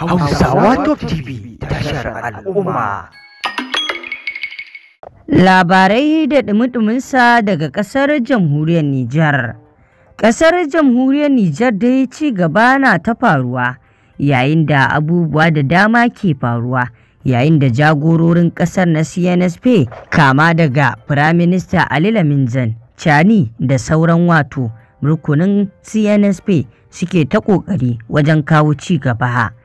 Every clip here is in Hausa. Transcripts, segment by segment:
Hausawa Top TV tashar al'umma. Labarai da ɗumi-ɗuminsa daga ƙasar jamhuriyar Nijar. Ƙasar jamhuriyar Nijar dai ci gaba na ta faruwa yayin da abubuwa da dama ke faruwa. yayin da jagororin ƙasar na CNSP kama daga Firaminista Ali Laminzan, Chani da sauran wato rukunin CNSP suke ta ƙoƙari wajen kawo ci gaba.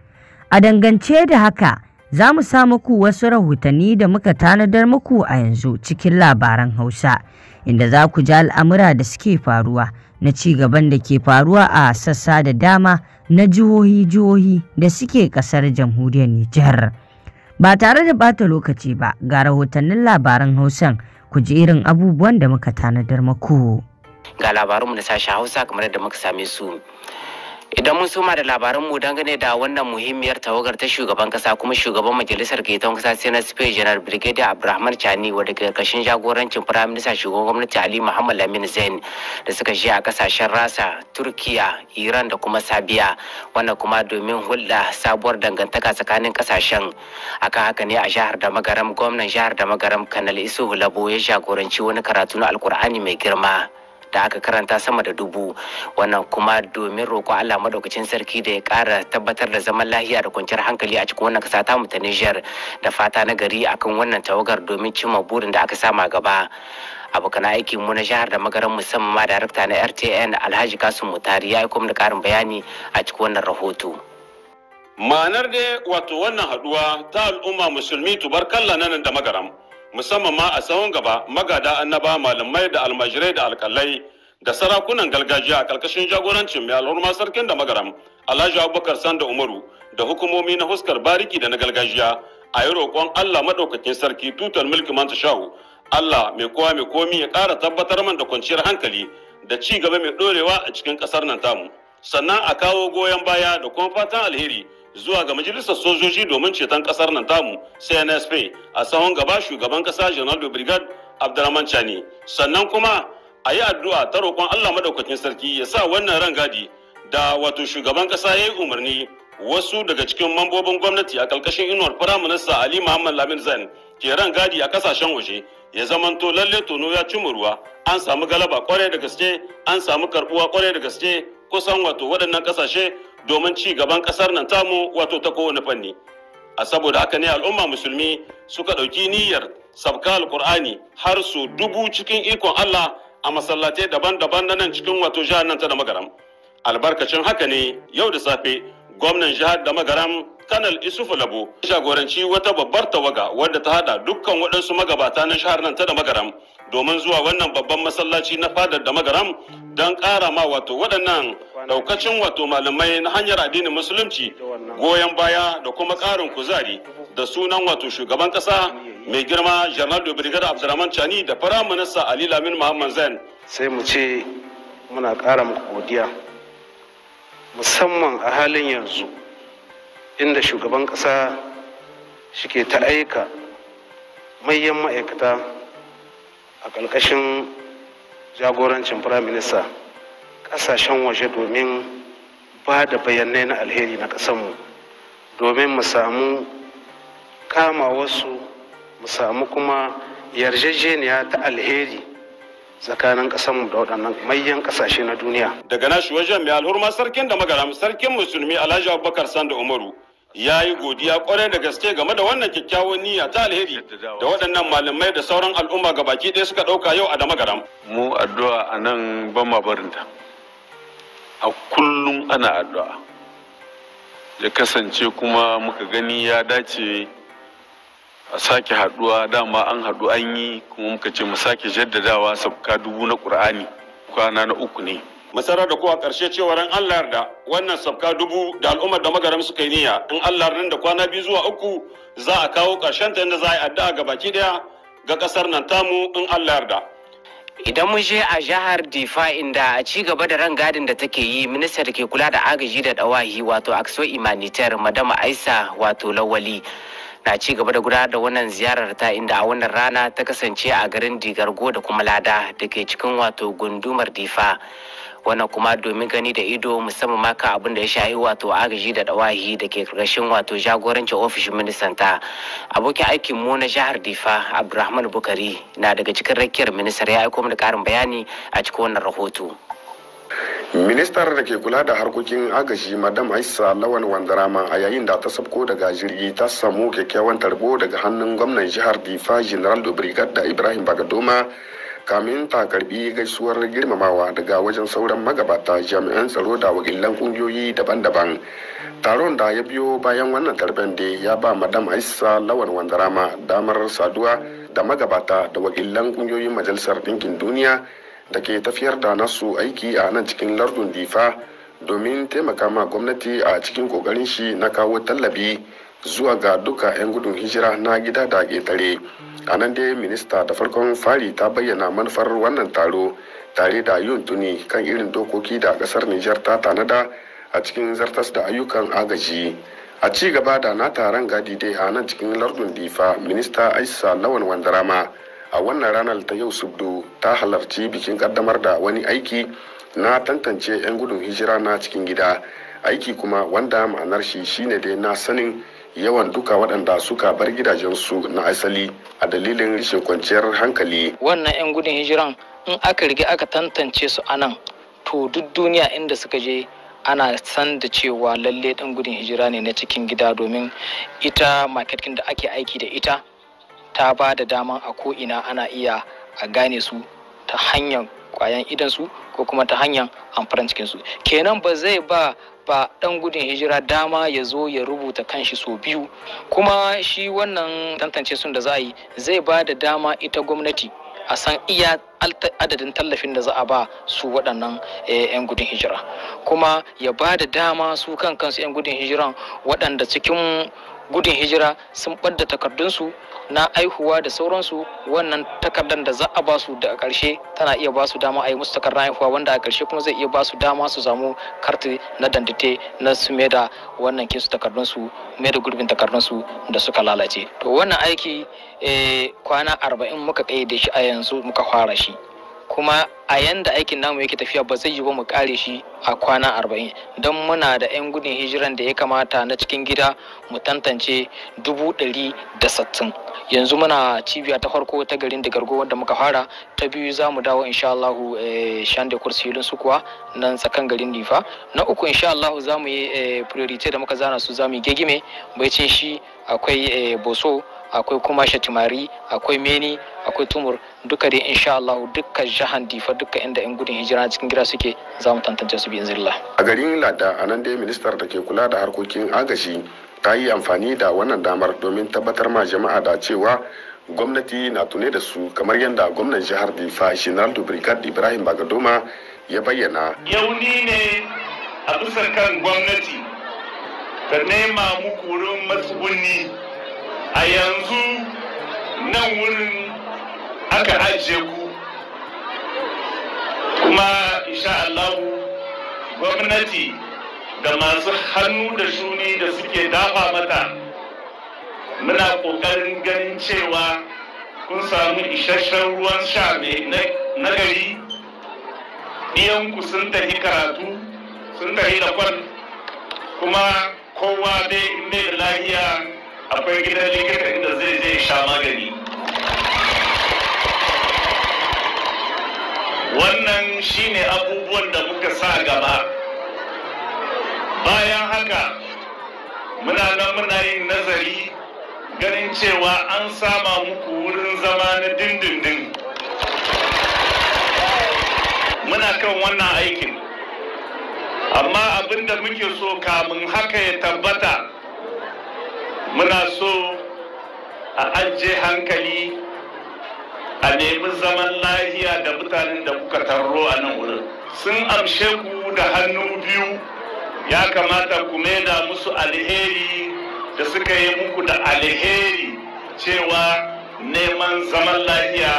A dangance da haka, za mu sa muku wasu rahotanni da muka tanadar muku a yanzu cikin labaran Hausa, inda za ku ji al'amura da suke faruwa na ci gaban da ke faruwa a sassa da dama na jihohi-jihohi da suke ƙasar jamhuriyar Nijar. Ba tare da bata lokaci ba ga rahotannin labaran Hausan ku ji irin abubuwan da muka tanadar muku. Ga labarunmu na sashen Hausa kamar da muka same su. idan mun soma da labaranmu dangane da wannan muhimmiyar tawagar ta shugaban kasa kuma shugaban majalisar gaitan kasa sai na spain janar brigadier abrahman chani wadda ke karkashin jagorancin firaminista shugaban gwamnati ali muhammad lamin zain da suka shi a kasashen rasa turkiya iran da kuma sabiya wannan kuma domin hulɗa sabuwar dangantaka tsakanin kasashen akan haka ne a jihar da magaram gwamnan jihar da magaram kanal isu labo ya jagoranci wani karatu na alkur'ani mai girma da aka karanta sama da dubu wannan kuma domin roƙo Allah madaukakin sarki da ya ƙara tabbatar da zaman lafiya da kwanciyar hankali a cikin wannan ƙasa ta mu ta Niger da fata na gari akan wannan tawagar domin cimma burin da aka sama gaba abokan aikin mu na jihar da magaran musamman darakta na RTN Alhaji Kasim Mutari ya yi kuma da ƙarin bayani a cikin wannan rahoto. ma'anar da wato wannan haduwa ta al'umma musulmi tubarkalla nan da magaram musamman ma a tsawon gaba magada annaba malamai da almajirai da alkalai da sarakunan gargajiya a karkashin jagorancin mai alhurma sarkin da magaram alhaji abubakar sanda umaru da hukumomi na huskar bariki da na gargajiya a yi roƙon allah maɗaukakin sarki tutar mulki manta shahu allah mai kowa mai komi ya ƙara tabbatar man da kwanciyar hankali da ci gaba mai ɗorewa a cikin ƙasar nan tamu sannan a kawo goyon baya da kuma fatan alheri zuwa ga majalisar sojoji domin ceton kasar nan tamu cnsp a sahun gaba shugaban kasa general de brigade chani sannan kuma a yi addu'a ta roƙon allah madaukakin sarki ya sa wannan rangadi da wato shugaban kasa ya yi umarni wasu daga cikin mambobin gwamnati a ƙarƙashin inuwar firaminista ali muhammad lamin zain ke rangadi a ƙasashen waje ya zama zamanto lalle tono ya cimma ruwa an samu galaba kwarai da gaske an samu karbuwa kwarai da gaske kusan wato waɗannan ƙasashe domin ci gaban ƙasar nan tamu wato ta kowane fanni a saboda haka ne al'umma musulmi suka ɗauki niyyar sabka alkur'ani har su dubu cikin ikon allah a masallatai daban-daban na nan cikin wato jihar nan ta da magaram albarkacin haka ne yau da safe gwamnan jihar da magaram kanal isufu labo jagoranci wata babbar tawaga wadda ta hada dukkan waɗansu magabata na jihar nan ta da magaram domin zuwa wannan babban masallaci na fadar da magaram don ƙara ma wato waɗannan ɗaukacin wato malamai na hanyar addinin musulunci goyon baya da kuma ƙarin kuzari da sunan wato shugaban ƙasa mai girma janar da brigada abdurrahman chani da fara minista ali lamin muhammad zain sai mu ce muna ƙara muku godiya musamman a halin yanzu inda shugaban ƙasa shike ta aika manyan ma'aikata a ƙarƙashin jagorancin firayim minista ƙasashen waje domin ba da bayanai na alheri na ƙasanmu domin mu samu kama wasu mu samu kuma yarjejeniya ta alheri tsakanin ƙasanmu da waɗannan manyan ƙasashe na duniya. Daga nashi wajen mai alhurma sarkin da magara sarkin musulmi Alhaji Abubakar Sanda Umaru ya yi godiya kwarai da gaske game da wannan kyakkyawan niyya ta alheri da waɗannan malamai da sauran al'umma ga baki ɗaya suka ɗauka yau a damagaram. mu addu'a a nan ban ma ta a kullum ana addu'a ya kasance kuma muka gani ya dace a sake haɗuwa dama an haɗu an yi kuma muka ce mu sake jaddadawa sabka dubu na ƙur'ani kwana na uku ne. masara da kowa a ƙarshe cewa ran Allah da wannan sabka dubu da al'ummar da magaram suka yi niyya in Allah nan da kwana biyu zuwa uku za a kawo ƙarshen ta inda za a yi addu'a ga baki daya ga ƙasar nan tamu in Allah da. Idan mun je a jihar Difa inda a ci gaba da rangadin da take yi minista da ke kula da agaji da dawahi wato Akso Imanitar Madama Aisa wato Lawali. na ci gaba da gudanar da wannan ziyarar ta inda a wannan rana ta kasance a garin digargo da kuma lada da ke cikin wato gundumar difa wannan kuma domin gani da ido musamman ma kan abin da ya shahi wato agaji da dawahi da ke karkashin wato jagorancin ofishin ministan ta abokin aikin mu na jihar difa abdulrahman bukari na daga cikin rakiyar ministar ya aiko da karin bayani a cikin wannan rahoto ministar da ke kula da harkokin agaji madam aisa lawan wandarama a yayin da ta sabko daga jirgi ta samu kyakkyawan tarbo daga hannun gwamnan jihar difa general da ibrahim bagadoma kamin ta karbi gaisuwar girmamawa daga wajen sauran magabata jami'an tsaro da wakilan kungiyoyi daban-daban taron da ya biyo bayan wannan tarben da ya ba madam aisa lawan wandarama damar saduwa da magabata da wakilan kungiyoyin majalisar ɗinkin duniya da ke tafiyar da nasu aiki a nan cikin lardun difa domin taimaka ma gwamnati a cikin kokarin shi na kawo tallabi zuwa ga duka 'yan gudun hijira na gida da ƙetare a nan dai minista da farkon fari ta bayyana manufar wannan taro tare da yin tuni kan irin dokoki da ƙasar nijar ta tanada a cikin zartas da ayyukan agaji a ci gaba da na taron gadi dai a nan cikin lardun difa minista aisa lawan wandarama a wannan ranar ta yau subdu ta halarci bikin kaddamar da wani aiki na tantance 'yan gudun hijira na cikin gida aiki kuma wanda ma'anar shi shine dai na sanin yawan duka waɗanda suka bar gidajensu na asali a dalilin rashin kwanciyar hankali. Wannan 'yan gudun hijiran in aka riga aka tantance su anan to duk duniya inda suka je ana san da cewa lalle ɗan gudun hijira ne na cikin gida domin ita marketkin da ake aiki da ita ta ba da dama a ko'ina ana iya a gane su ta hanyar kwayan idansu ko kuma ta hanyar amfaran cikinsu kenan ba zai ba ba ɗan gudun hijira dama ya zo ya rubuta kanshi sau biyu kuma shi wannan tantance sun da za a yi zai ba da dama ita gwamnati a san iya adadin tallafin da za a ba su waɗannan eh, 'yan gudun hijira kuma ya ba da dama su kan kansu 'yan gudun hijiran waɗanda cikin gudun hijira sun ɓadda takardunsu na aihuwa da sauransu wannan takardar da za a ba su da ƙarshe tana iya ba su dama a yi musu takardar aihuwa wanda a ƙarshe kuma zai iya ba su dama su samu karti na dandite na su mai da wannan kinsu takardunsu mai da gurbin takardunsu da suka lalace to wannan aiki eh, kwana arba'in muka kai da shi a yanzu muka fara shi kuma a yanda aikin namu yake tafiya ba zai yi ba mu kare shi a kwana arba'in don muna da 'yan gudun hijiran da ya kamata na cikin gida mu tantance dubu ɗari da sattin yanzu muna cibiya ta farko ta garin da gargo wanda muka fara ta biyu za mu dawo insha Allahu eh, shan da kursi hilin su kuwa nan tsakan garin difa na uku insha Allahu za mu yi eh, priority da muka zana su za mu yi gegime bai ce shi akwai eh, boso akwai kuma shatimari akwai meni akwai tumur duka dai insha Allah duka jahan difa duka inda in gudun hijira cikin gida suke za mu tantance su bi zilla a garin lada a nan dai ministar da ke kula da harkokin agaji ta yi amfani da wannan damar domin tabbatar ma jama'a da cewa gwamnati na tune da su kamar yadda gwamnan jihar difa general brigade ibrahim bagadoma ya bayyana yau ni ne a bisa kan gwamnati ka nema muku wurin matsuguni a yanzu nan wurin aka ajiye ku kuma insha Allahu gwamnati da masu hannu da shuni da suke dafa mata muna ƙoƙarin ganin cewa kun samu isasshen ruwan sha na gari ɗiyanku sun tafi karatu sun tafi da kwan kuma kowa dai inda da lahiya akwai gidan likita inda zai zai sha magani wannan shine abubuwan da muka sa gaba bayan haka muna nan muna yin nazari ganin cewa an sama muku wurin zama na dindindin muna kan wannan aikin amma abin da muke so kamun haka ya tabbata muna so a ajiye hankali a nemi zaman lahiya da mutanen da kuka tarro a nan wurin sun amshe ku da hannu biyu ya kamata ku maida musu alheri da suka yi muku da alheri cewa neman zaman lahiya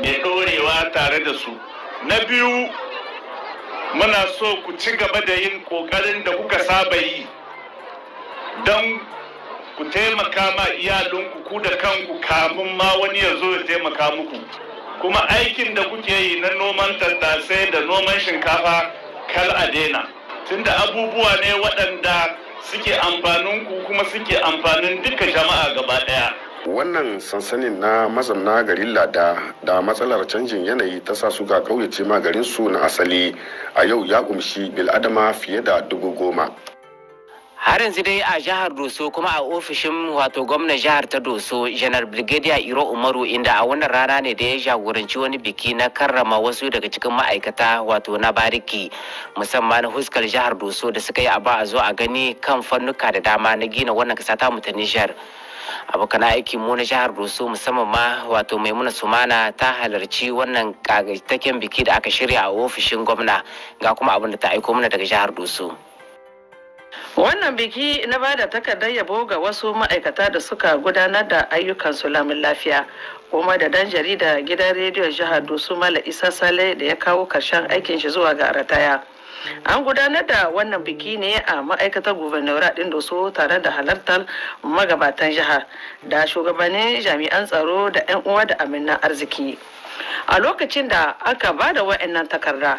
mai ɗorewa tare da su na biyu muna so ku ci gaba da yin ƙoƙarin da kuka saba yi don ku taimaka ma iyalinku ku da kanku kamun ma wani ya zo ya taimaka muku kuma aikin da kuke yi na noman tattasai da noman shinkafa kal a daina tunda abubuwa ne waɗanda suke amfanin ku kuma suke amfanin duka jama'a gaba ɗaya wannan sansanin na mazamna garin lada da matsalar canjin yanayi ta sa suka ga kauyace ma garin su na asali a yau ya kumshi bil'adama fiye da dubu goma har yanzu dai a jihar doso kuma a ofishin wato gwamnan jihar ta doso janar brigadier iro umaru inda a wannan rana ne da ya jagoranci wani biki na karrama wasu daga cikin ma'aikata wato na bariki musamman huskar jihar doso da suka yi a ba a zo a gani kan fannuka da dama na gina wannan kasa ta mutanen jihar abokan aiki mu na jihar Doso musamman ma wato Maimuna Sumana ta halarci wannan kagataken biki da aka shirya a ofishin gwamna ga kuma abin da ta aiko mana daga jihar Doso. Wannan biki na bada takardar yabo ga wasu ma'aikata da suka gudanar da ayyukan sulamin lafiya. kuma da dan jarida gidan rediyon jihar dusu Mala Isa Sale da ya kawo karshen aikin shi zuwa ga rataya. An gudanar da wannan biki ne a ma'aikatar gubernura ɗin Doso tare da halartar magabatan jihar da shugabannin jami'an tsaro da 'yan uwa da amina arziki. A lokacin da aka ba da wa'annan takarda,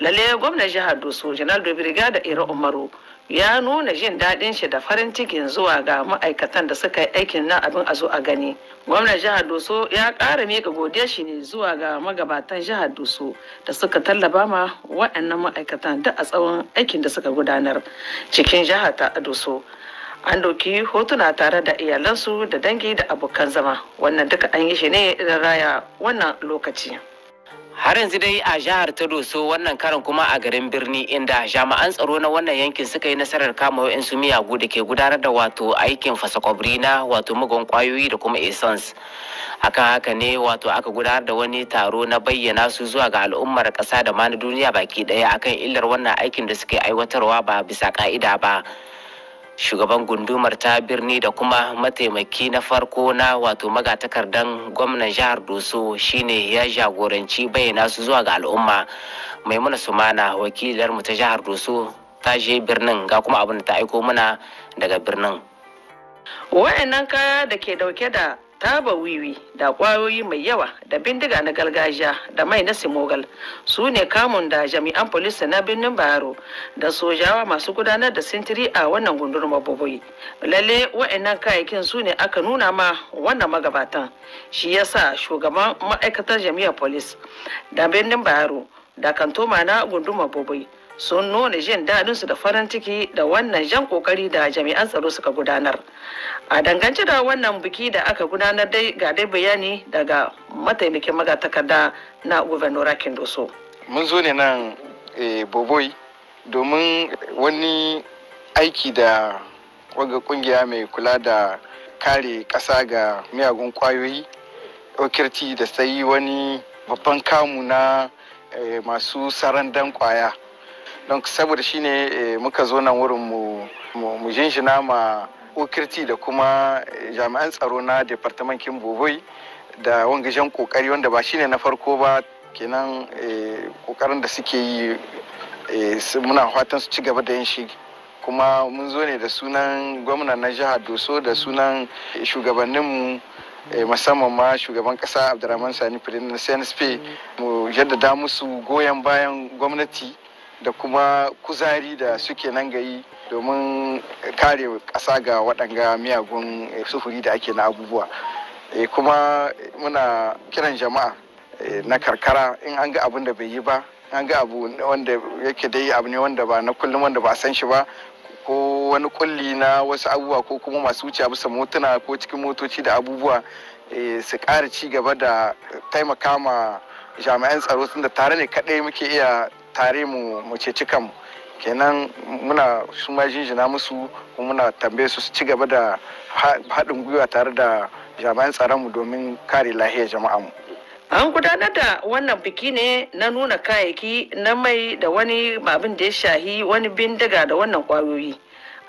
lalle gwamnan jihar dusu Janar Dobriga da Iro Umaru, ya nuna jin daɗin shi da farin cikin zuwa ga ma'aikatan da suka yi aikin na abin a zo a gani gwamnan jihar doso ya ƙara mika godiyar shi ne zuwa ga magabatan jihar doso da suka tallaba ma wa'annan ma'aikatan da a tsawon aikin da suka gudanar cikin jihar ta doso an ɗauki hotuna tare da iyalansu da dangi da abokan zama wannan duka an yi shi ne idan raya wannan lokaci. Har yanzu dai a jihar ta doso wannan karin kuma a garin birni inda jami'an tsaro na wannan yankin suka yi nasarar kama wa'insu miyagu da ke gudanar da wato aikin fasakwabri na wato mugun kwayoyi da kuma essence. Akan haka ne wato aka gudanar da wani taro na bayyana su zuwa ga al'ummar ƙasa da ma na duniya baki ɗaya akan illar wannan aikin da suke aiwatarwa ba bisa ƙa'ida ba. shugaban gundumar ta birni da kuma mataimaki na farko na wato magatakardan gwamnan jihar doso shine ya jagoranci bayyana su zuwa ga al'umma maimuna sumana wakilarmu ta jihar doso ta je birnin ga kuma abin da ta aiko muna daga birnin wa'annan kaya da ke dauke da taba wiwi da kwayoyi mai yawa da bindiga na gargajiya da mai na simogal su ne kamun da jami'an polisa na birnin baro da sojawa masu gudanar da sintiri a wannan gundur maboboyi lalle wa'annan kayayyakin su ne aka nuna ma wannan magabatan shi ya sa shugaban ma'aikatar jami'ar polis da birnin baro da kantoma na gundumar boboyi sun nuna jin daɗinsu da farin ciki da wannan jan kokari da jami'an tsaro suka gudanar a dangance da wannan biki da aka gudanar dai ga dai bayani daga mataimakin magatakarda na gubernora kindoso mun zo ne nan eh, boboi domin wani aiki da waga kungiya mai kula da kare ƙasa ga miyagun kwayoyi okirti da sai wani babban kamu na eh, masu sarandan kwaya don saboda shi ne eh, muka zo nan wurin mu jinjina ma okirti da kuma eh, jami'an tsaro na departament kimboboi da wangajen kokari wanda ba shine na farko ba kenan eh, kokarin da suke yi muna fatan su ci gaba da yin shi kuma mun zo ne da sunan gwamna na jihar doso da sunan shugabanninmu musamman ma shugaban kasa abdurrahman sani firin na cnsp mu jaddada musu goyon bayan gwamnati da kuma kuzari da suke nan gayi domin kare kasa ga waɗanga miyagun eh, sufuri da ake na abubuwa eh, kuma muna kiran jama'a eh, na karkara in an ga abin da bai yi ba an ga abu wanda yake dai abu ne wanda ba na kullum wanda ba a san shi ba ko wani kulli na wasu abubuwa ko kuma masu wuce bisa motuna ko cikin motoci da abubuwa su ƙara ci gaba da taimaka ma jami'an tsaro tunda tare ne kaɗai muke iya tare mu mu cikan kenan muna su ma jinjina musu kuma muna tambaye su su ci gaba da haɗin gwiwa tare da jami'an mu domin kare lahiyar mu. An gudanar da wannan biki ne na nuna kayayyaki na mai da wani babin da ya shahi wani bindiga da wannan kwayoyi.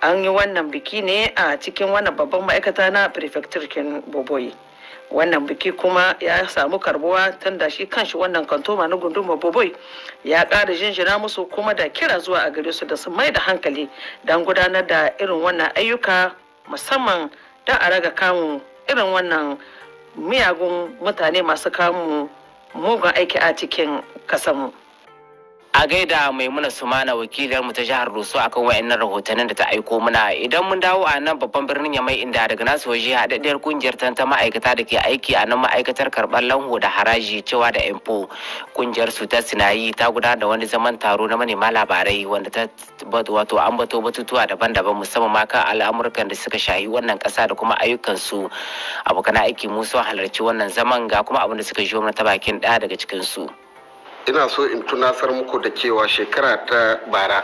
An yi wannan biki ne a cikin wannan babban ma'aikata na Prefecture Kin Boboyi. wannan biki kuma ya samu karbuwa tun da shi kanshi wannan kantoma na gunduma boboi ya ƙara jinjina musu kuma da kira zuwa a gare su da su mai da hankali don gudanar da irin wannan ayyuka musamman don a raga kamun irin wannan miyagun mutane masu kamun mugun aiki a cikin kasanmu. a gaida mai maimuna sumana wakilar ta jihar rusu akan wayannan rahotannin da ta aiko muna idan mun dawo a nan babban birnin ya mai inda daga nasu waje haɗaɗɗiyar kungiyar ta ma'aikata da ke aiki a nan ma'aikatar karɓar lango da haraji cewa da info kungiyar su ta sinayi ta gudanar da wani zaman taro na manema labarai wanda ta wato an bato batutuwa daban-daban musamman ma kan al'amurkan da suka shahi wannan ƙasa da kuma ayyukan su abokan aiki musu halarci wannan zaman ga kuma abin da suka na ta bakin daya daga cikin su. ina so in tunasar muku da cewa shekara ta bara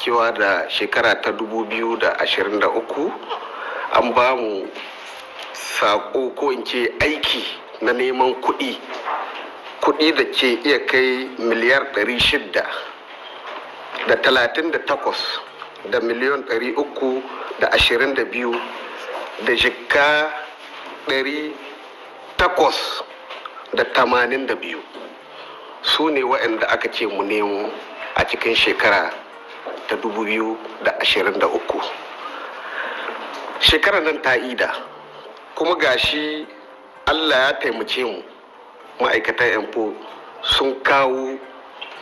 cewa da shekara ta 2023 an ba mu sako ko in ce aiki na neman kuɗi kuɗi da ke iya kai miliyar 600 da 38 da miliyan 300 da 22 da jikka 800 da biyu. su ne waɗanda aka ce mu nemo a cikin shekara ta 2023 shekarar nan ta ida kuma gashi allah ya taimace mu ma'aikatan yanfo sun kawo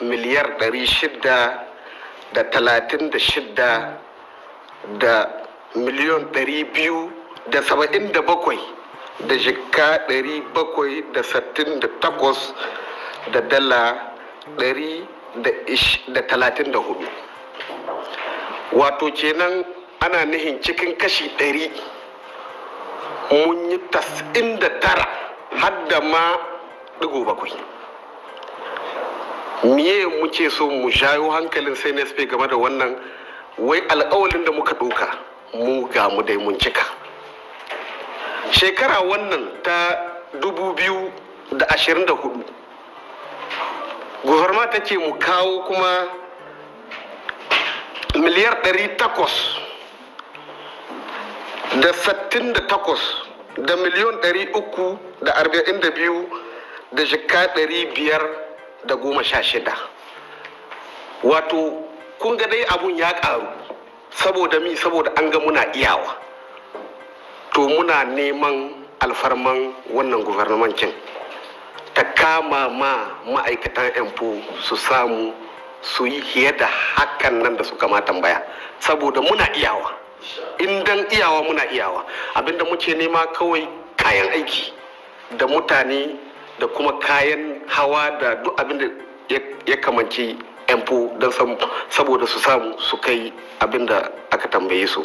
miliyar 636 da miliyon biyu da saba'in da da bakwai jika takwas. da dala ɗari da talatin da hudu wato kenan ana nihin cikin kashi ɗari mun yi tas'in da tara har da ma ɗigo bakwai miye muke so mu shayo hankalin sai nespe game da wannan wai alƙawalin da muka ɗauka mu ga mu dai mun cika shekara wannan ta dubu biyu da ashirin da hudu guzarma ta ce mu kawo kuma miliyar 800 da 68 da miliyon uku da da da shika goma sha shida wato kun ga dai abun ya karu saboda mi saboda an ga muna iyawa to muna neman alfarman wannan guvernamankin ta kama ma ma'aikatan info su samu su yi fiye da hakan nan da suka ma tambaya saboda muna iyawa indan iyawa muna iyawa abinda muke nema kawai kayan aiki da mutane da kuma kayan hawa da duk abinda ya kamance info don saboda su samu su kai abinda aka tambaye su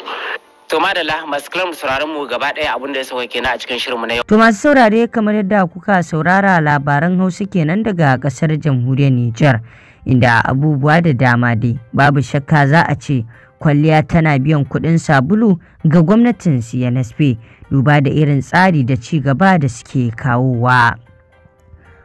To madalla masu kalan sauraron mu gaba ɗaya abin da ya sauka kenan a cikin shirinmu na yau. To masu saurare kamar yadda kuka saurara labaran Hausa kenan daga ƙasar jamhuriyar Nijar inda abubuwa da dama dai babu shakka za a ce kwalliya tana biyan kuɗin sabulu ga gwamnatin CNSP duba da irin tsari da ci gaba da suke kawowa.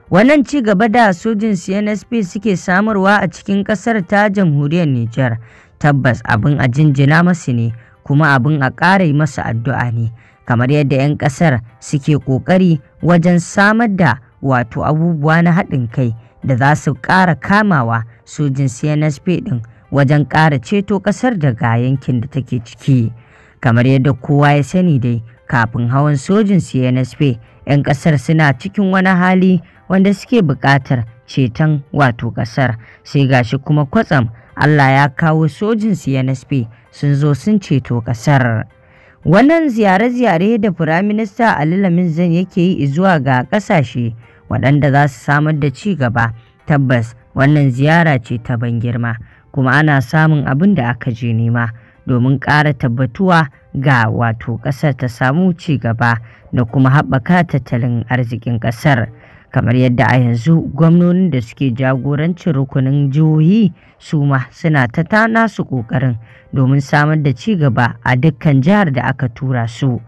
Wannan ci gaba da sojin CNSP suke samarwa a cikin ƙasar ta jamhuriyar Nijar tabbas abin a jinjina masu ne. kuma abin a ƙara masa addu'a ne kamar yadda 'yan ƙasar suke ƙoƙari wajen samar da wato abubuwa na haɗin kai da za su ƙara kamawa sojin CNSP ɗin wajen ƙara ceto ƙasar daga yankin da take ciki. Kamar yadda kowa ya sani dai kafin hawan sojin CNSP 'yan ƙasar suna cikin wani hali wanda suke buƙatar ceton wato ƙasar sai gashi kuma kwatsam Allah ya kawo sojin CNSP sun zo sun ceto ƙasar. Wannan ziyare-ziyare da Firaminista Ali Lamin Zan yake yi zuwa ga ƙasashe waɗanda za su samar da ci gaba tabbas wannan ziyara ce ta ban girma kuma ana samun abin da aka je nema domin ƙara tabbatuwa ga wato ƙasar ta samu ci gaba da kuma haɓaka tattalin arzikin ƙasar. kamar yadda a yanzu gwamnonin da suke jagorancin rukunin jihohi su ma suna ta tana su ƙoƙarin domin samar da ci gaba a dukkan jihar da aka tura su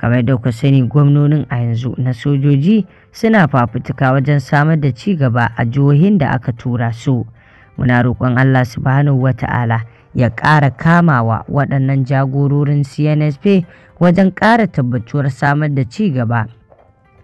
kamar da ku sani gwamnonin a yanzu na sojoji suna fafutuka wajen samar da ci gaba a jihohin da aka tura su muna roƙon allah subhanahu wata'ala ya ƙara kamawa waɗannan jagororin cnsp wajen ƙara tabbatuwar samar da ci gaba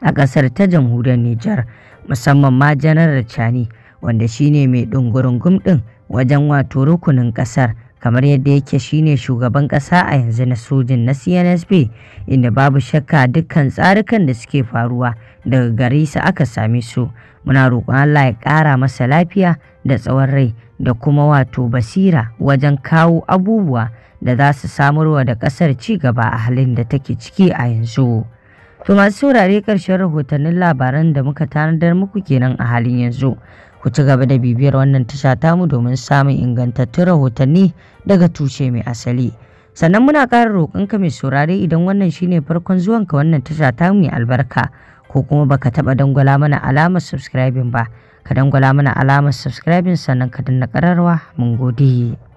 a ƙasar ta jamhuriyar Nijar musamman ma janar Chani wanda shine mai ɗungurungum ɗin wajen wato rukunin ƙasar kamar yadda yake shine shugaban ƙasa a yanzu na sojin na CNSP inda babu shakka dukkan tsarukan da suke faruwa daga gari su aka same su muna roƙon Allah ya ƙara masa lafiya da tsawon rai da kuma wato basira wajen kawo abubuwa da za su samarwa da ƙasar ci gaba a halin da take ciki a yanzu. To masu saurare karshen rahotannin labaran da muka tanadar muku kenan a halin yanzu. Ku ci gaba da bibiyar wannan tasha mu domin samun ingantattun rahotanni daga tushe mai asali. Sannan muna ƙara ka mai saurare idan wannan shine farkon zuwan ka wannan tasha tamu mai albarka ko kuma baka taɓa dangwala mana alamar subscribing ba. Ka dangwala mana alamar subscribing sannan ka danna ƙararwa mun gode.